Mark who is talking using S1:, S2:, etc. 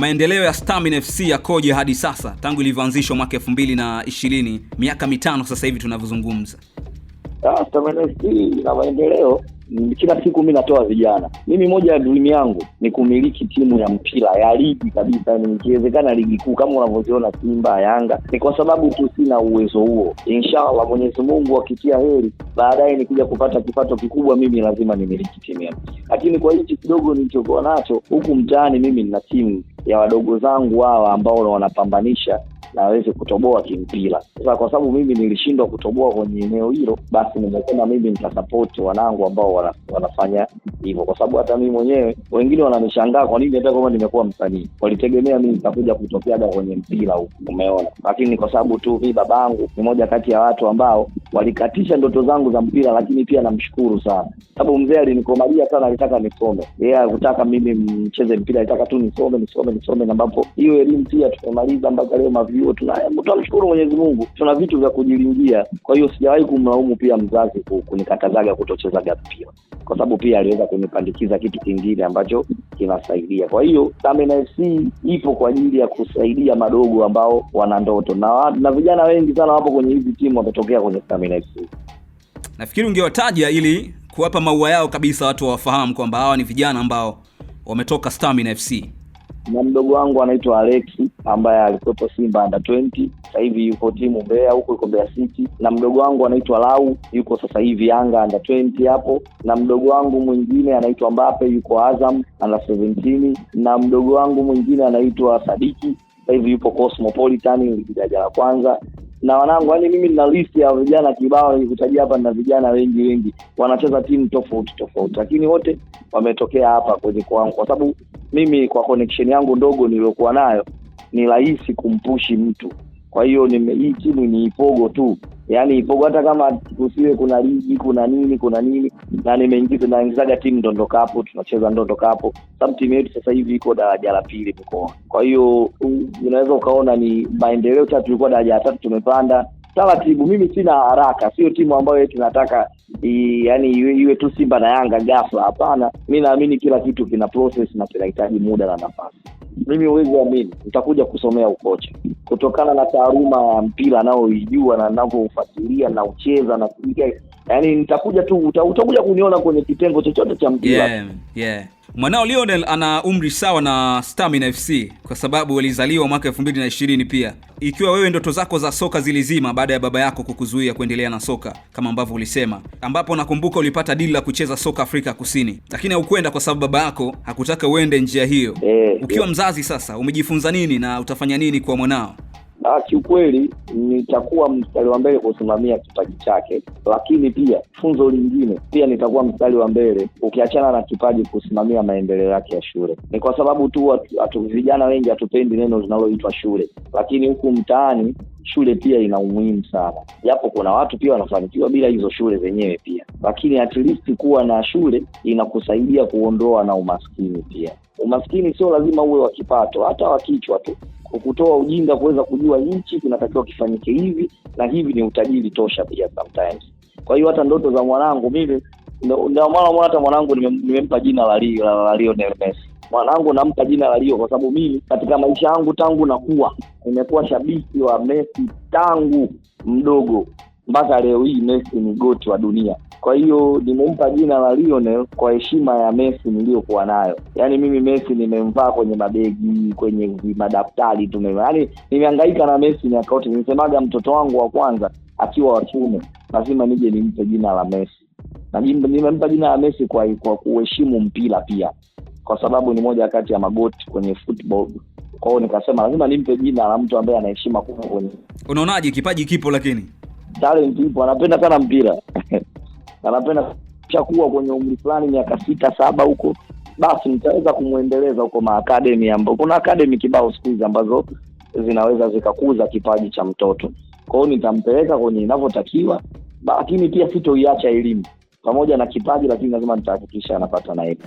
S1: maendeleo ya Stamina FC yakoje hadi sasa tangu ilivyoanzishwa mwaka 2020, miaka mitano sasa hivi tunavyozungumza?
S2: Ah, Stamina FC maendeleo kila siku mi natoa vijana. Mimi moja ya dream yangu ni kumiliki timu ya mpira ya ligi kabisa, yaani ikiwezekana ligi kuu kama unavyoziona Simba, Yanga. Ni kwa sababu tu sina uwezo huo. Inshallah, Mwenyezi Mungu akitia heri, baadaye nikija kupata kipato kikubwa, mimi lazima nimiliki timu yangu. Lakini kwa hichi kidogo nilichokuwa nacho huku mtaani, mimi nina timu ya wadogo zangu hawa ambao wanapambanisha na aweze kutoboa kimpira. Sasa kwa sababu mimi nilishindwa kutoboa kwenye eneo hilo, basi nimesema mimi nitasapoti wanangu ambao wana, wanafanya hivyo, kwa sababu hata mimi mwenyewe wengine wananishangaa kwa nini hata kama nimekuwa msanii, walitegemea mimi nitakuja kutokeaga kwenye mpira huku, umeona. Lakini kwa sababu tu mi babangu ni moja kati ya watu ambao walikatisha ndoto zangu za mpira, lakini pia namshukuru sana sababu mzee alinikomalia sana, alitaka nisome yeye, hakutaka mimi mcheze mpira, alitaka tu nisome nisome nisome, na ambapo hiyo elimu pia tumemaliza mpaka leo mavyuo tunaye. Tunamshukuru Mwenyezi Mungu, tuna vitu vya kujilingia. Kwa hiyo sijawahi kumlaumu pia mzazi kunikatazaga kutochezaga mpira, kwa sababu pia aliweza kunipandikiza kitu kingine ambacho kinasaidia. Kwa hiyo Same FC ipo kwa ajili ya kusaidia madogo ambao wana ndoto na, na vijana wengi sana wapo kwenye hizi timu wametokea kwenye Same
S1: Nafikiri ungewataja ili kuwapa maua yao kabisa, watu wawafahamu kwamba hawa ni vijana ambao wametoka Stamina FC.
S2: Na mdogo wangu anaitwa Alexi ambaye alikuwepo Simba anda 20 sasa hivi yuko timu mbea huko iko mbea City, na mdogo wangu anaitwa Lau yuko sasa hivi Yanga anda 20 hapo, na mdogo wangu mwingine anaitwa Mbape yuko Azam anda 17, na mdogo wangu mwingine anaitwa Sadiki sasa hivi yupo Cosmopolitan daraja la kwanza na wanangu, yaani mimi nina list ya vijana kibao, kutaji hapa na vijana wengi wengi wanacheza timu tofauti tofauti, lakini wote wametokea hapa kwenye kwangu, kwa sababu mimi kwa connection yangu ndogo niliyokuwa nayo ni rahisi kumpushi mtu. Kwa hiyo hii timu ni ipogo tu, yaani ipogo. Hata kama kusiwe kuna ligi kuna nini kuna nini, na nimeingiza naingizaga timu ndondokapo tunacheza ndondokapo Cup. Sababu timu yetu sasa hivi iko daraja la pili mkoa, kwa hiyo unaweza ukaona ni maendeleo. Cha tulikuwa daraja la tatu, tumepanda taratibu. Mimi sina haraka, sio timu ambayo tunataka yaani iwe tu Simba na Yanga gafla Hapana, mi naamini kila kitu kina process na kinahitaji muda na nafasi mimi huwezi amini, nitakuja kusomea ukocha kutokana na taaluma ya mpira anayoijua na anavyoufatilia na ucheza na kuingia yani nitakuja tu uta, utakuja kuniona kwenye kitengo chochote cha mpira
S1: yeah, yeah. Mwanao Lionel ana umri sawa na Stamina FC kwa sababu alizaliwa mwaka 2020 pia. Ikiwa wewe ndoto zako za soka zilizima baada ya baba yako kukuzuia kuendelea na soka kama ambavyo ulisema, ambapo nakumbuka ulipata dili la kucheza soka Afrika Kusini, lakini haukwenda kwa sababu baba yako hakutaka uende njia hiyo. Eh, ukiwa yeah. mzazi sasa umejifunza nini na utafanya nini kwa mwanao?
S2: Uh, kiukweli nitakuwa mstari wa mbele kusimamia kipaji chake, lakini pia funzo lingine pia nitakuwa mstari wa mbele ukiachana na kipaji, kusimamia maendeleo yake ya shule. Ni kwa sababu tu atu, vijana wengi hatupendi neno linaloitwa shule, lakini huku mtaani shule pia ina umuhimu sana, japo kuna watu pia wanafanikiwa bila hizo shule zenyewe pia, lakini at least kuwa na shule inakusaidia kuondoa na umaskini pia. Umaskini sio lazima uwe wa kipato, hata wa kichwa tu kutoa ujinga kuweza kujua nchi kinatakiwa kifanyike hivi na hivi, ni utajiri tosha pia sometimes. Kwa hiyo hata ndoto za mwanangu mimi ndio maana hata mwanangu nimempa jina la Lionel Messi. Mwanangu nampa jina la Leo kwa sababu mimi katika maisha yangu tangu nakuwa nimekuwa shabiki wa Messi tangu mdogo mpaka leo hii. Messi ni goti wa dunia. Kwa hiyo nimempa jina la Lionel kwa heshima ya Messi niliyokuwa nayo. Yaani mimi Messi nimemvaa kwenye mabegi, kwenye madaftari tu Yaani nimehangaika na Messi miaka yote. Nimesemaga mtoto wangu wa kwanza akiwa wa kiume, lazima nije nimpe jina la Messi. Na nimempa jina la Messi kwa kwa kuheshimu mpira pia. Kwa sababu ni moja kati ya magoti kwenye football kwa hiyo nikasema lazima nimpe jina la mtu ambaye anaheshima kubwa kwenye.
S1: Unaonaje, kipaji kipo lakini
S2: talent ipo, anapenda sana mpira anapenda chakua kwenye umri fulani miaka sita saba huko basi nitaweza kumwendeleza huko maakademi ambao kuna akademi kibao siku hizi ambazo zinaweza zikakuza kipaji cha mtoto kwao nitampeleka kwenye inavyotakiwa lakini pia sitoiacha elimu pamoja na kipaji lakini lazima nitahakikisha anapata na elimu